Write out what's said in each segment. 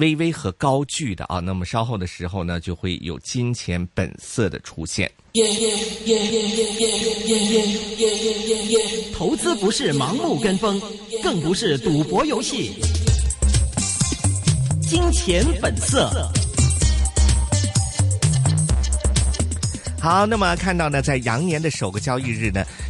微微和高聚的啊，那麼稍後的時候呢，就會有金錢本色的出現。投資不是盲目跟風，更不是賭博遊戲。金錢本色。好，那麼看到呢，在羊年的首個交易日呢。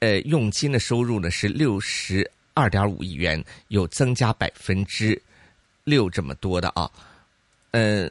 呃，佣金的收入呢是六十二點五億元，有增加百分之六這麼多的啊，嗯。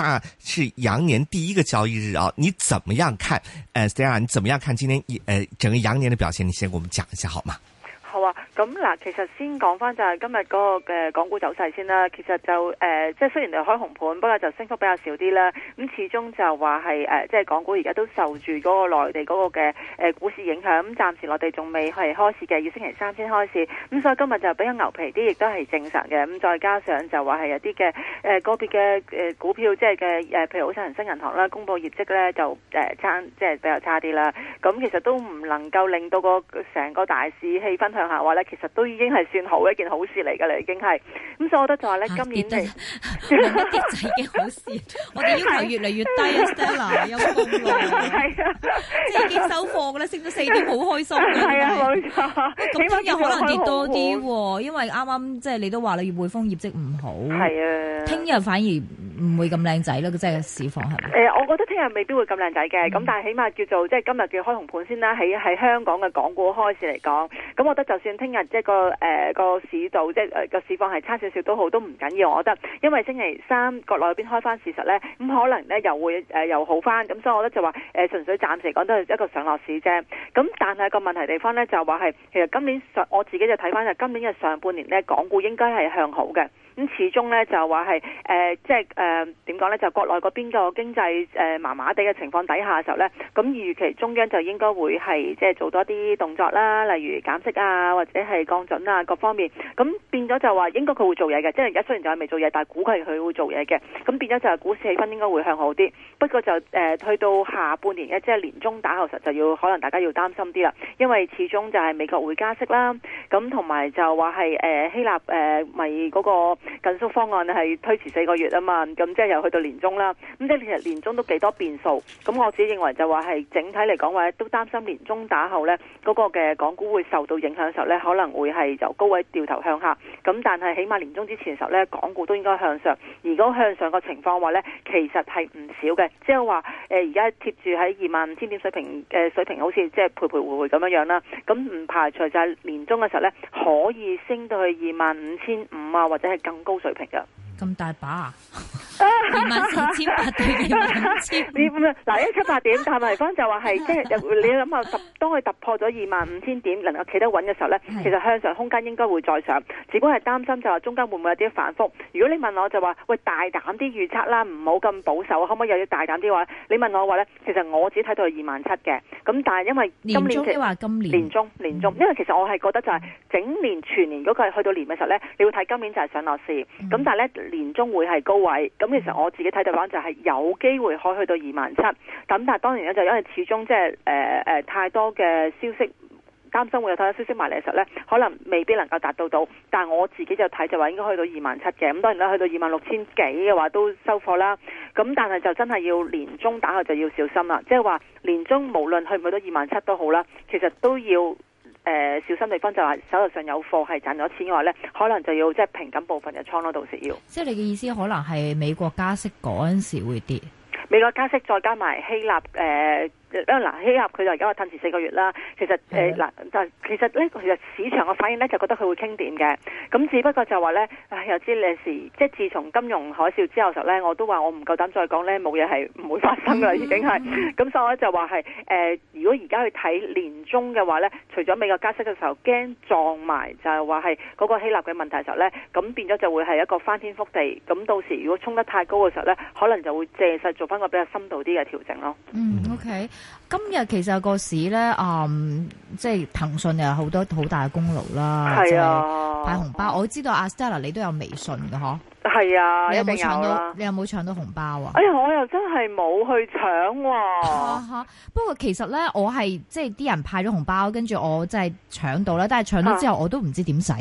那是羊年第一個交易日啊！你怎麼樣看？呃，Stella，你怎麼樣看今天一呃整個羊年的表現？你先給我們講一下好嗎？好啊。咁嗱，其實先講翻就係今日嗰個嘅港股走勢先啦。其實就誒，即、呃、係、就是、雖然就開紅盤，不過就升幅比較少啲啦。咁始終就話係即係港股而家都受住嗰個內地嗰個嘅股市影響。咁暫時內地仲未係開市嘅，要星期三先開市。咁所以今日就比較牛皮啲，亦都係正常嘅。咁再加上就話係有啲嘅誒個別嘅、呃、股票，即係嘅譬如好似恒生銀行啦，公布業績咧就誒、呃、差，即係比較差啲啦。咁其實都唔能夠令到個成個大市氣氛向下話咧。其實都已經係算好一件好事嚟噶啦，已經係，咁所以我覺得就話咧、啊，今年係啲 仔嘅好事， 我哋要求越嚟越低 Stella 有咁耐，係 啊，即係已經收貨嘅咧，升咗四點都好開心啊！係啊，咁聽日可能跌多啲， 因為啱啱即係你都話你月匯豐業績唔好，係 啊，聽日反而。唔會咁靚仔咯，即係市況係咪？誒、呃，我覺得聽日未必會咁靚仔嘅，咁、嗯、但係起碼叫做即係今日嘅開紅盤先啦。喺喺香港嘅港股開市嚟講，咁我覺得就算聽日即係誒、呃、個市道即係個、呃、市況係差少少都好，都唔緊要。我覺得，因為星期三國內邊開翻，事實咧，咁可能咧又會誒、呃、又好翻，咁所以我覺得就話誒純粹暫時講都係一個上落市啫。咁但係個問題地方咧就話係，其實今年上我自己就睇翻就今年嘅上半年咧，港股應該係向好嘅。咁始終呢就話係、呃、即係誒點講呢？就國內嗰邊個經濟麻麻地嘅情況底下時候呢，咁預期中央就應該會係即係做多啲動作啦，例如減息啊，或者係降準啊，各方面。咁變咗就話應該佢會做嘢嘅，即係而家雖然就係未做嘢，但係估計佢會做嘢嘅。咁變咗就係股市氣氛應該會向好啲。不過就誒、呃、去到下半年即係年中打後實就要可能大家要擔心啲啦，因為始終就係美國會加息啦，咁同埋就話係、呃、希臘誒咪嗰個。緊縮方案係推遲四個月啊嘛，咁即係又去到年中啦。咁即係其實年中都幾多變數。咁我自己認為就話係整體嚟講話，都擔心年中打後呢嗰、嗰個嘅港股會受到影響嘅時候呢，可能會係由高位掉頭向下。咁但係起碼年中之前嘅時候呢，港股都應該向上。如果向上個情況話呢，其實係唔少嘅，即係話誒而家貼住喺二萬五千點水平嘅、呃、水平，好似即係徘徊徘徊咁樣樣啦。咁唔排除就係年中嘅時候呢，可以升到去二萬五千五啊，或者係。更高水平噶，咁大把、啊。 你唔係嗱一七八點，但係咪方就話係即係，你諗下，當佢突破咗二萬五千點，能夠企得穩嘅時候咧，其實向上空間應該會再上。只不過係擔心就話中間會唔會有啲反復。如果你問我就話，喂，大膽啲預測啦，唔好咁保守，可唔可以又要大膽啲話？你問我話咧，其實我只睇到係二萬七嘅。咁但係因為今年即係話今年中年中，年中，嗯，因為其實我係覺得就係整年全年，如果係去到年嘅時候咧，你會睇今年就係上落市。咁，嗯、但係咧年中會係高位咁其實我自己睇就話就係有機會可以去到二萬七，咁但係當然咧就因為始終即係呃呃、太多嘅消息，擔心會有太多消息埋嚟嘅時候咧，可能未必能夠達到到。但我自己就睇就話應該去到二萬七嘅，咁當然啦，去到二萬六千幾嘅話都收貨啦。咁但係就真係要年中打開就要小心啦，即係話年中無論去唔去到二萬七都好啦，其實都要。誒、呃，小心地方就話手頭上有貨係賺咗錢嘅話咧，可能就要即係平緊部分嘅倉咯，到時要。即係你嘅意思，可能係美國加息嗰陣時會跌？美國加息再加埋希臘誒。呃嗱、啊，希臘佢就而家話褪遲四個月啦。其實嗱，但、啊、其實呢其實市場嘅反應咧就覺得佢會傾掂嘅。咁只不過就話咧，又知有時即係自從金融海嘯之後時候咧，我都話我唔夠膽再講咧，冇嘢係唔會發生啦、嗯、已經係。咁所以我就話係、呃、如果而家去睇年中嘅話咧，除咗美國加息嘅時候驚撞埋，就係話係嗰個希臘嘅問題時候咧，咁變咗就會係一個翻天覆地。咁到時如果衝得太高嘅時候咧，可能就會借勢做翻個比較深度啲嘅調整咯。嗯，OK。今日其實個市咧，嗯，即係騰訊又有好多好大嘅功勞啦。係啊，就是、派紅包，我知道阿 Stella 你都有微信㗎嗬。係啊，有冇搶到？你有冇搶到,到紅包啊？哎呀，我又真係冇去搶喎、啊。Uh, uh, 不過其實咧，我係即係啲人派咗紅包，跟住我真係搶到啦。但係搶到之後，啊、我都唔知點使。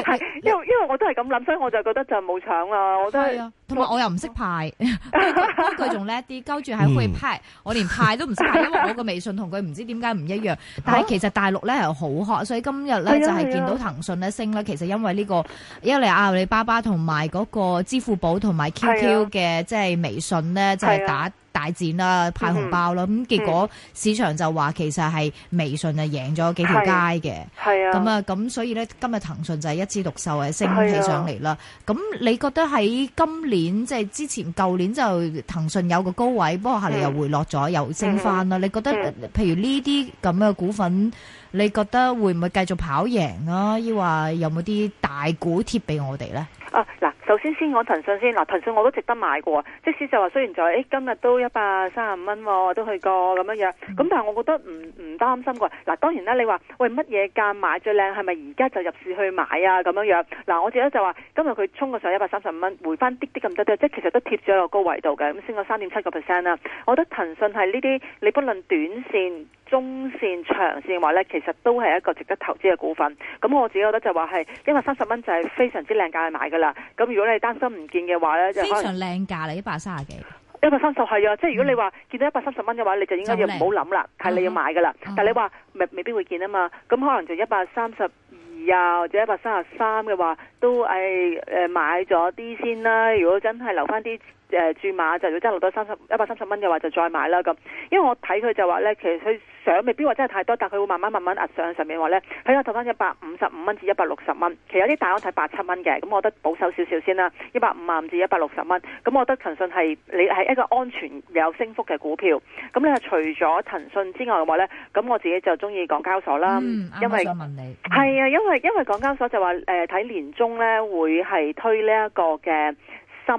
係，因為因為我都係咁諗，所以我就覺得就冇搶啦。我都係啊，同埋我又唔識派，佢佢仲叻啲，交住喺佢派，我連派都唔識派，因為我個微信同佢唔知點解唔一樣。啊、但係其實大陸咧係好渴，所以今日咧就係見到騰訊咧升咧、啊啊，其實因為呢、這個因為阿里巴巴同埋嗰個支付寶同埋 QQ 嘅即係微信咧就係打。大戰啦，派紅包啦，咁、嗯、結果市場就話其實係微信啊贏咗幾條街嘅。咁啊咁所以咧今日騰訊就係一枝獨秀啊升起上嚟啦。咁、啊、你覺得喺今年即係、就是、之前舊年就騰訊有個高位，不過下嚟又回落咗、嗯，又升翻啦、嗯。你覺得、嗯、譬如呢啲咁嘅股份，你覺得會唔會繼續跑贏啊？抑或有冇啲大股貼俾我哋咧？啊首先先講騰訊先，嗱騰訊我都值得買過，即使就話雖然就誒、哎、今日都一百三十五蚊，我都去過咁樣樣，咁但係我覺得唔唔擔心噶，嗱當然啦，你話喂乜嘢價買最靚，係咪而家就入市去買啊咁樣樣，嗱我自己就話今日佢衝個上一百三十五蚊，回翻啲啲咁多，即係其實都貼咗喺個高位度嘅，咁升咗三點七個 percent 啦，我覺得騰訊係呢啲你不論短線。中線、長線的話呢，其實都係一個值得投資嘅股份。咁我自己覺得就話係，一百三十蚊就係非常之靚價去買噶啦。咁如果你擔心唔見嘅話咧，非常靚價啦，一百三十幾，一百三十係啊。嗯、即係如果你話見到一百三十蚊嘅話，你就應該要唔好諗啦，係你要買噶啦。Uh-huh. 但係你話未未必會見啊嘛。咁可能就一百三十二啊，或者一百三十三嘅話，都誒誒買咗啲先啦。如果真係留翻啲。誒注碼就如果真係落到三十一百三十蚊嘅話，就再買啦咁。因為我睇佢就話咧，其實佢想未必話真係太多，但佢會慢慢慢慢壓上去上面話咧，喺度投翻一百五十五蚊至一百六十蚊。其實有啲大我睇八七蚊嘅，咁我覺得保守少少先啦，一百五十五至一百六十蚊。咁我覺得騰訊係你係一個安全有升幅嘅股票。咁咧除咗騰訊之外嘅話咧，咁我自己就中意港交所啦。因為想問你係啊，因為、嗯、因為因為港交所就話睇、呃、年中咧會係推呢一個嘅。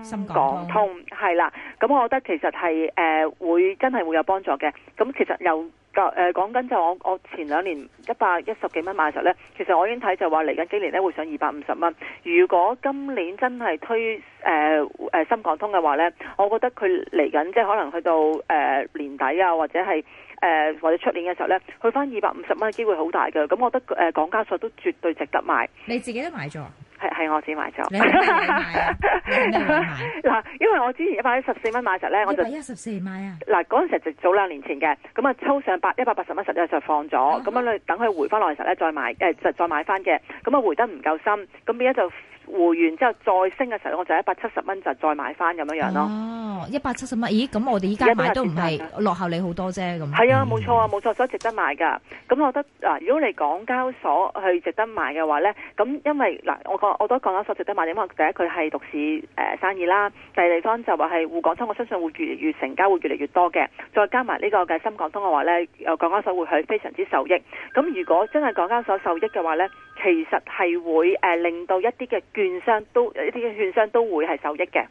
深港通係啦，咁我覺得其實係誒、呃、會真係會有幫助嘅。咁其實又誒講緊就我我前兩年一百一十幾蚊買嘅時候咧，其實我已經睇就話嚟緊幾年咧會上二百五十蚊。如果今年真係推誒誒、呃呃、深港通嘅話咧，我覺得佢嚟緊即係可能去到誒、呃、年底啊，或者係誒、呃、或者出年嘅時候咧，去翻二百五十蚊嘅機會好大嘅。咁我覺得誒港、呃、交所都絕對值得買。你自己都買咗。係我自己買咗，嗱、啊 啊， 因為我之前一百一十四蚊買時候咧、啊，我就一十四買啊。嗱，嗰陣時就早兩年前嘅，咁啊抽上百一百八十蚊實咧就放咗，咁啊等佢回翻落嚟時候咧再買，誒、呃、就再買翻嘅，咁啊回得唔夠深，咁變咗就。回完之後再升嘅時候，我就一百七十蚊就再買翻咁樣樣咯。哦，一百七十蚊，咦？咁我哋依家買都唔係落後你好多啫咁。係啊，冇錯啊，冇錯，所以值得買噶。咁我覺得嗱、啊，如果你港交所去值得買嘅話咧，咁因為嗱，我講我都港交所值得買點解？第一，佢係獨市誒、呃、生意啦；第二地方就話係滬港通，我相信會越嚟越成交會越嚟越多嘅。再加埋呢個嘅深港通嘅話咧，又、呃、港交所會係非常之受益。咁如果真係港交所受益嘅話咧，其實係會誒、呃、令到一啲嘅，券商都一啲券商都會係受益嘅，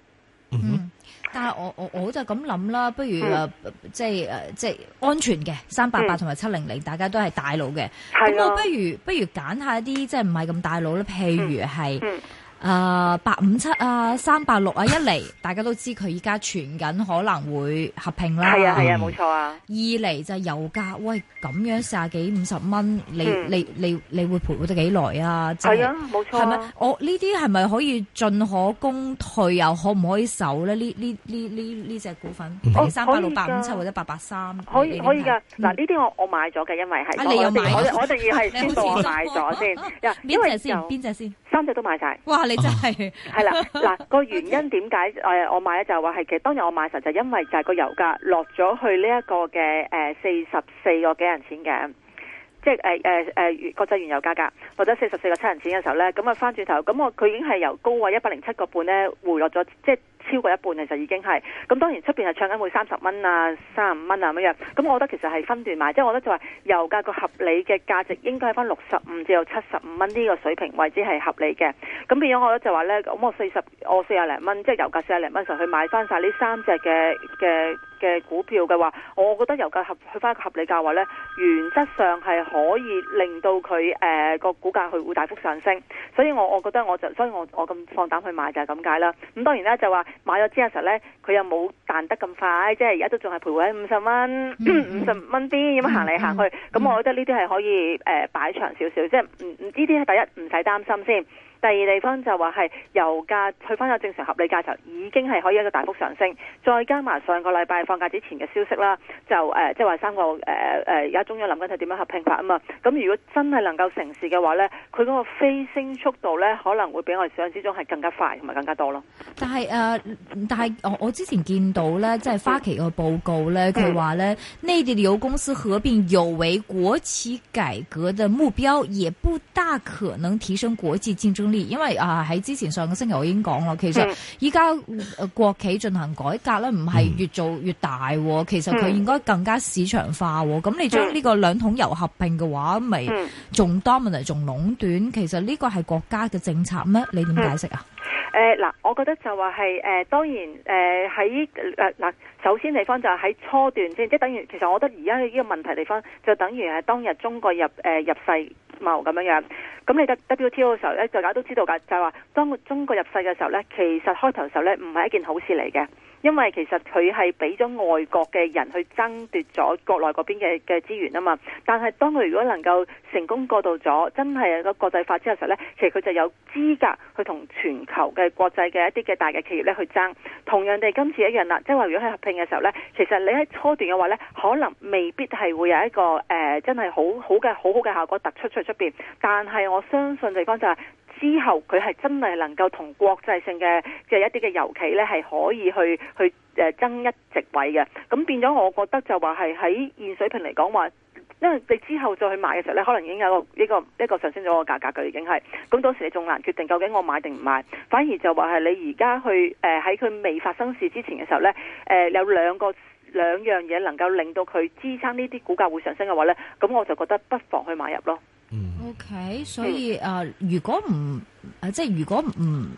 嗯，但係我我我就咁諗啦，不如誒、嗯啊，即係誒、啊，即係安全嘅三八八同埋七零零，大家都係大佬嘅，咁我不如不如揀下一啲即係唔係咁大佬啦，譬如係。嗯嗯誒，八五七啊，三八六啊， 一嚟大家都知佢依家傳緊可能會合併啦。係啊係啊，冇錯啊、嗯、啊。二嚟就係油價，喂咁樣四啊幾五十蚊，你、嗯、你你你，你會賠到幾耐啊？係、就是、啊，冇錯、啊。係咪我呢啲係咪可以進可攻退又、啊、可唔可以守咧？呢呢呢呢呢隻股份，三八六、八五七或者八八三，可以可以噶。嗱呢啲我我買咗嘅，因為係、啊、我你又買我我我哋要係先幫我買咗、 啊啊、先。邊隻先？三隻都買晒，哇！你真係係啦嗱，個 原因點解誒我買咧就係話係其實當日我買時候就因為就係個油價落咗去呢一個嘅四十四個幾人錢嘅，即係誒誒誒國際原油價格落咗四十四個七人錢嘅時候咧，咁啊翻轉頭咁我佢已經係由高位一百零七個半咧回落咗，即係。超過一半其實已經係咁，那當然出邊係唱緊會三十蚊啊、三十五蚊啊咁樣。咁我覺得其實係分段買，即、就、係、是、我覺得就話油價個合理嘅價值應該係翻六十五至到七十五蚊呢個水平位置係合理嘅。咁變咗我覺得就話呢，咁我四十、我四廿零蚊，即係油價四廿零蚊時去買翻晒呢三隻嘅嘅嘅股票嘅話，我覺得油價合去翻一個合理價位呢，原則上係可以令到佢誒、呃、個股價去會大幅上升。所以我我覺得我就所以我我咁放膽去買就係咁解啦。咁當然咧就話、是。買咗之後咧，佢又冇彈得咁快，即係而家都仲係徘徊喺五十蚊、五十蚊啲，咁 行嚟行去，咁、嗯、我覺得呢啲係可以誒、呃、擺長少少，即係唔唔呢啲係第一唔使擔心先。第二地方就話係油價去翻個正常合理價就已經係可以一個大幅上升，再加埋上個禮拜放假之前嘅消息啦，就即係話三個誒誒而家中央諗緊係點樣合併法啊嘛，咁、嗯嗯、如果真係能夠成事嘅話咧，佢嗰個飛升速度咧可能會比我哋想像之中係更加快同埋更加多咯。但係誒、呃，但係我之前見到咧，即係花旗個報告咧，佢話咧呢啲油公司合併有違國企改革嘅目標，也不大可能提升國際競爭力。因為啊喺之前上個星期我已經講咯，其實依家，嗯、國企進行改革咧，唔係越做越大，嗯、其實佢應該更加市場化。咁，嗯、你將呢個兩桶油合併嘅話，咪，嗯、仲 dominate 仲壟斷？其實呢個係國家嘅政策咩？你點解釋啊？誒、嗯、嗱，呃，我覺得就話係誒，當然誒喺誒嗱。呃首先地方就喺初段先，即等於，其實我覺得而家呢個問題地方就等於係當日中國入誒、呃、入世貿咁樣樣。咁你嘅 WTO 嘅時候咧，大家都知道噶就係、是、話當中國入世嘅時候咧，其實開頭嘅時候咧，唔係一件好事嚟嘅，因為其實佢係俾咗外國嘅人去爭奪咗國內嗰邊嘅嘅資源啊嘛。但係當佢如果能夠成功過渡咗，真係個國際化之後咧，其實佢就有資格去同全球嘅國際嘅一啲嘅大嘅企業咧去爭。同樣哋今次一樣啦，即係話如果係嘅時候咧，其實你喺初段嘅話咧，可能未必係會有一個誒、呃，真係好嘅很好嘅好好嘅效果突出出去。出邊。但係我相信地方就係、是、之後佢係真係能夠同國際性嘅即係一啲嘅油企咧，係可以去去誒爭一席位嘅。咁變咗，我覺得就話係喺現水平嚟講話。因為你之後再去買嘅時候咧，可能已經有個一個一個,一個上升咗個價格㗎，已經係。咁當時你仲難決定究竟我買定唔買，反而就話係你而家去誒喺佢未發生事之前嘅時候咧，誒、呃、有兩個兩樣嘢能夠令到佢支撐呢啲股價會上升嘅話咧，咁我就覺得不妨去買入咯。嗯。OK，所以啊，uh, 如果唔啊，即係如果唔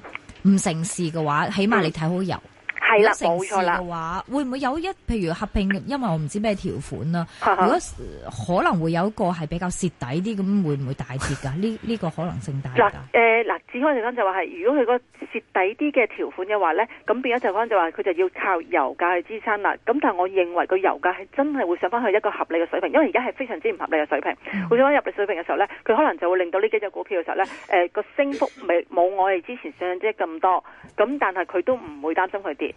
唔成事嘅話，起碼你睇好油。係啦，冇錯啦。話會唔會有一，譬如合併，因為我唔知咩條款啦。 如果可能會有一個係比較蝕底啲，咁會唔會大跌㗎？呢 呢、呢個可能性大嗱，誒嗱，志康先生就話係，如果佢個蝕底啲嘅條款嘅話咧，咁變咗就講就話佢就要靠油價去支撐啦。咁但係我認為個油價係真係會上翻去一個合理嘅水平，因為而家係非常之唔合理嘅水平。 會上翻入去水平嘅時候咧，佢可能就會令到呢幾隻股票嘅時候咧，誒、呃、個升幅未冇我哋之前想象中咁多。咁但係佢都唔會擔心佢跌。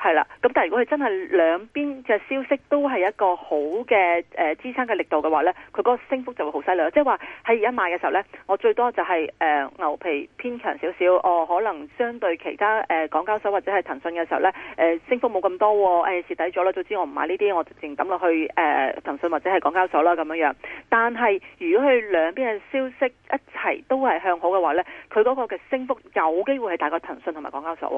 係啦，咁但係如果佢真係兩邊嘅消息都係一個好嘅誒、呃、支撐嘅力度嘅話咧，佢嗰個升幅就會好犀利。即係話喺而家買嘅時候咧，我最多就係、是、誒、呃、牛皮偏強少少，哦可能相對其他誒、呃、港交所或者係騰訊嘅時候咧，誒、呃、升幅冇咁多，誒蝕底咗啦。早知我唔買呢啲，我直情抌落去誒、呃、騰訊或者係港交所啦咁樣樣。但係如果佢兩邊嘅消息一齊都係向好嘅話咧，佢嗰個嘅升幅有機會係大過騰訊同埋港交所。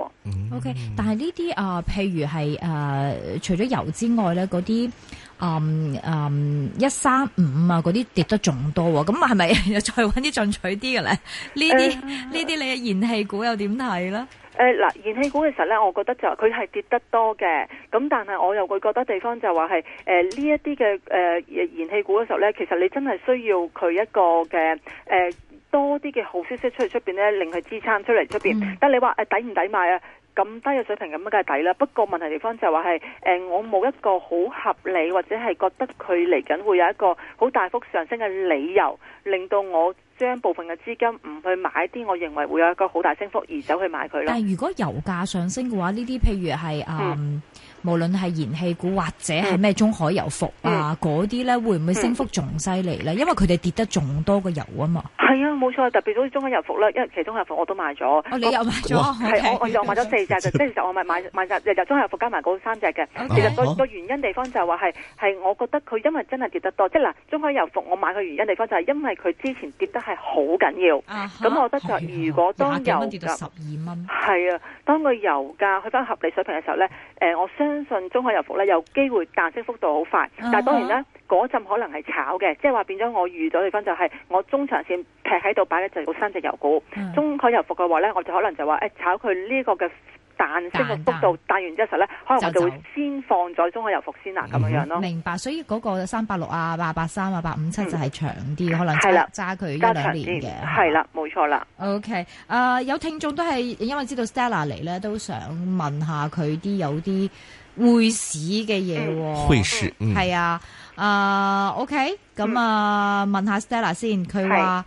O、okay, K，但係呢啲啊。Uh, 譬如係誒、呃，除咗油之外咧，嗰啲誒誒一三五啊，嗰啲跌得仲多，啊，咁係咪再搵啲進取啲嘅咧？呢啲呢啲你嘅燃氣股又點睇咧？誒、呃，嗱，燃氣股嘅時候咧，我覺得就佢係跌得多嘅，咁但係我又會覺得地方就話係誒呢一啲嘅誒燃氣股嘅時候咧，其實你真係需要佢一個嘅誒、呃、多啲嘅好消息出嚟出面呢出面咧，令佢支撐出嚟出面。但你話誒、呃、抵唔抵買啊？咁低嘅水平咁，梗係抵啦。不過問題地方就話係，誒，我冇一個好合理或者係覺得佢嚟緊會有一個好大幅上升嘅理由，令到我將部分嘅資金唔去買啲我認為會有一個好大升幅而走去買佢啦。但係如果油價上升嘅話，呢啲譬如係誒。嗯無論係燃氣股或者係咩中海油服啊，嗰啲咧會唔會升幅仲犀利咧？因為佢哋跌得仲多過油啊嘛。係啊，冇錯，特別好似中海油服咧，因為其實中海油服我都買咗，你又買咗，係我我又買咗四隻，就即係其實我咪買買隻日日中海油服加埋嗰三隻嘅。其實個個原因地方就係話係係，我覺得佢因為真係跌得多，即係嗱，中海油服我買嘅原因地方就係因為佢之前跌得係好緊要，咁我覺得如果當油跌到十二蚊，係啊，當個油價去翻合理水平嘅時候咧，誒，我相相信中海油服咧有機會彈升幅度好快，但係當然咧嗰陣可能係炒嘅，即係話變咗我預咗地方就係我中長線劈喺度擺咧就三隻油股。Uh-huh. 中海油服嘅話咧，我就可能就話誒炒佢呢個嘅彈升嘅幅度但但，彈完之後咧，可能我就會先放咗中海油服先啦咁樣、嗯、樣咯。明白，所以嗰個三八六啊、八八三啊、八五七就係長啲、嗯，可能揸揸佢一兩年嘅。係啦，冇錯啦。OK，誒、uh, 有聽眾都係因為知道 Stella 嚟咧，都想問下佢啲有啲。匯市嘅嘢，匯市係啊，啊 OK 咁啊，uh, 問下 Stella 先，佢話、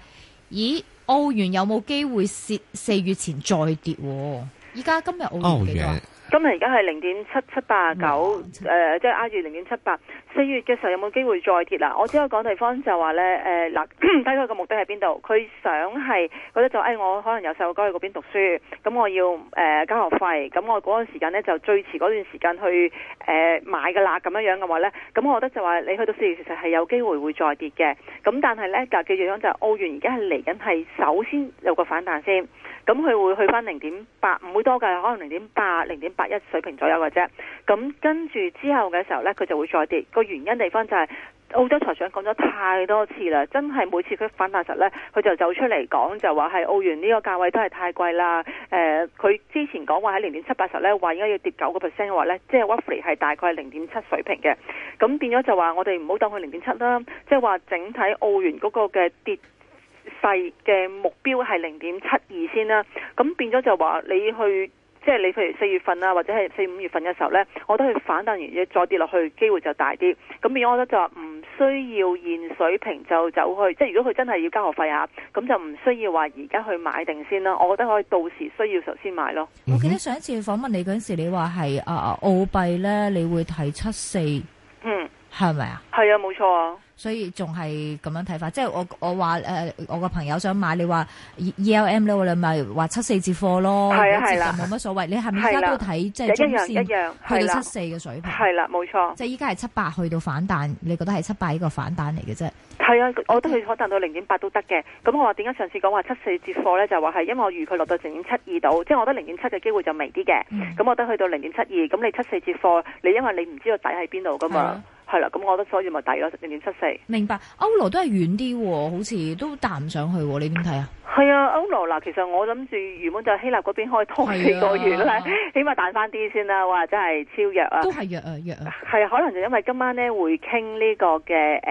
嗯，咦，澳元有冇機會蝕？四月前再跌，哦，依家今日澳元今日而家係零點七七八九，誒即係挨住零點七八。四、呃就是、月嘅時候有冇機會再跌啦？我只係講地方就話咧，誒、呃、嗱，睇佢嘅目的喺邊度？佢想係覺得就誒、哎，我可能有細路哥去嗰邊讀書，咁我要誒交、呃、學費，咁我嗰個時間咧就最遲嗰段時間去誒、呃、買嘅啦，咁樣樣嘅話咧，咁我覺得就話你去到四月其實係有機會會再跌嘅，咁但係咧隔記住樣就係、是、澳元而家係嚟緊係首先有個反彈先。咁佢會去返零點八，唔會多㗎，可能零點八、零點八一水平左右嘅啫。咁跟住之後嘅時候呢，佢就會再跌。個原因地方就係澳洲財長講咗太多次啦，真係每次佢反彈時呢，佢就走出嚟講就話係澳元呢個價位都係太貴啦。誒、呃，佢之前講話喺零點七八十呢，話應該要跌九個 percent 嘅話呢，即係 Woffley 係大概零點七水平嘅。咁變咗就話我哋唔好當佢零點七啦，即係話整體澳元嗰個嘅跌。細嘅目標係零點七二先啦，咁變咗就話你去，即係你譬如四月份啊，或者係四五月份嘅時候呢，我覺得去反彈完嘢再跌落去機會就大啲。咁變咗，我覺得就話唔需要現水平就走去，即係如果佢真係要交學費呀，咁就唔需要話而家去買定先啦。我覺得可以到時需要首先買咯。我記得上一次訪問你嗰陣時，你話係啊澳幣呢，你會睇七四。嗯。係咪啊？係啊，冇錯啊！所以仲係咁樣睇法，即係我我話誒，我個、呃、朋友想買，你話 E L M 咧，你咪話七四接貨咯。係啦、啊，冇乜所謂。你係咪依家都睇即係一線，一樣去到七四嘅水平？係啦、啊，冇錯。即係依家係七八去到反彈，你覺得係七八呢個反彈嚟嘅啫？係啊，我覺得佢可能到零點八都得嘅。咁我話點解上次講話七四接貨咧？就話、是、係因為我預佢落到零點七二度，即係我覺得零點七嘅機會就微啲嘅。咁、嗯、我覺得去到零點七二，咁你七四接貨，你因為你唔知道底喺邊度噶嘛？係啦，咁我覺得所以咪跌十零點七四。明白，歐羅都係遠啲喎，好似都彈唔上去喎，你點睇啊？係啊，歐羅嗱，其實我諗住原本就希臘嗰邊開四個月啦，啊、起碼彈翻啲先啦，或真係超弱，弱啊，都係弱啊弱啊。係可能就因為今晚咧會傾呢個嘅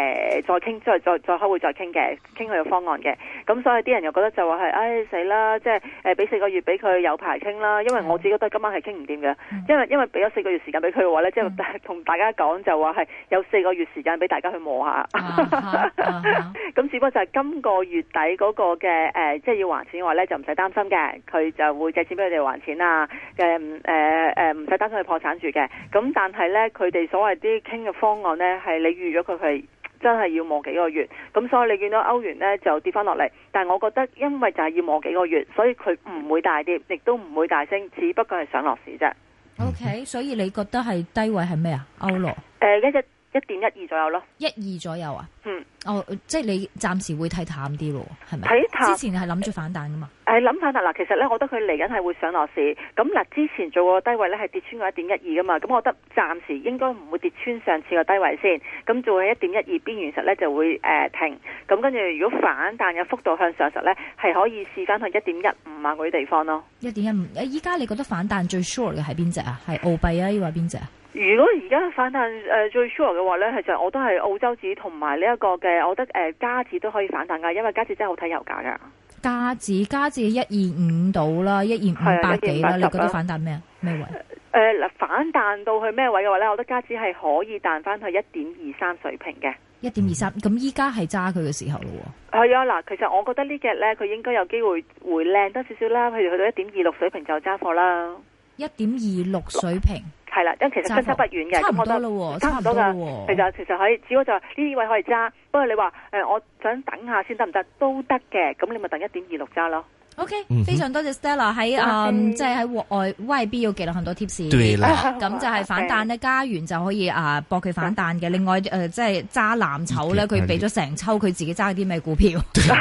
再傾之後再再開會再傾嘅，傾佢嘅方案嘅。咁所以啲人又覺得就話係，唉死啦，即係誒俾四個月俾佢有排傾啦，因為我自己覺得今晚係傾唔掂嘅，因為因俾咗四個月時間俾佢嘅話咧，即係同大家講就話、是、係。有四個月時間俾大家去磨一下、uh-huh.，咁、uh-huh. 只不過就係今個月底嗰個嘅誒，即、呃、係、就是、要還錢嘅話咧，就唔使擔心嘅，佢就會借錢俾佢哋還錢啊。誒誒誒，唔使擔心佢破產住嘅。咁但係呢，佢哋所謂啲傾嘅方案呢，係你預咗佢係真係要磨幾個月，咁所以你見到歐元呢，就跌翻落嚟。但係我覺得，因為就係要磨幾個月，所以佢唔會大跌，亦都唔會大升，只不過係上落市啫。O、okay, K， 所以你覺得係低位係咩啊？歐羅誒，一一點一二左右咯，一二左右啊？嗯，哦、oh,，即係你暫時會睇淡啲咯，係咪？睇淡。之前係諗住反彈噶嘛？誒，諗反彈嗱，其實咧，我覺得佢嚟緊係會上落市。咁嗱，之前做過低位咧，係跌穿過一點一二噶嘛。咁我覺得暫時應該唔會跌穿上次個低位先。咁做喺一點一二邊緣實咧就會誒、呃、停。咁跟住如果反彈嘅幅度向上實咧，係可以試翻去一點一五啊嗰啲地方咯。一點一五誒，依家你覺得反彈最 short 嘅係邊隻啊？係澳幣啊？依話邊隻啊？如果而家反彈誒、呃、最 sure 嘅話咧，其實、我都係澳洲紙同埋呢一個嘅，我覺得誒、呃、加紙都可以反彈噶，因為加紙真係好睇油價噶。加紙加紙一二五到啦，一二五百幾啦，你覺得反彈咩啊？咩位？誒、呃、嗱，反彈到去咩位嘅話咧，我覺得加紙係可以彈翻去一點二三水平嘅。一點二三，咁依家係揸佢嘅時候咯。係啊，嗱，其實我覺得這呢隻咧，佢應該有機會回靚得少少啦，譬如去到一點二六水平就揸貨啦。一點二六水平，係啦，因為其實相差不遠嘅，覺得差唔多差唔多啦，係就其實喺，只不就就是、呢位可以揸，不過你話誒、呃，我想等下先得唔得？都得嘅，咁你咪等一點二六揸咯。OK，、嗯、非常多謝 Stella 喺啊，即係喺外 YB 必要記錄很多 tips，咁就係反彈呢，加完就可以啊，搏佢反彈嘅。另外誒，即係揸藍籌咧，佢俾咗成抽，佢自己揸啲咩股票？對 對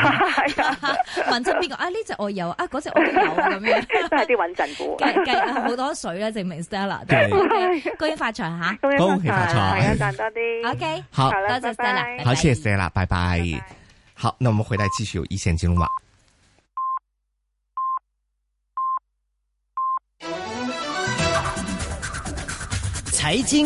問真邊個啊？呢、這、隻、個、我有啊，嗰隻我都有咁樣，都係啲穩陣股。計計好、啊、多水啦，證明 Stella，恭喜、okay, 發財吓，恭喜發財，係啊，賺多啲。OK，好，好多謝 Stella，拜拜好，謝謝 Stella，拜拜。好，謝謝 Stella, 拜拜拜拜好那我們回來繼續有一線金融財經。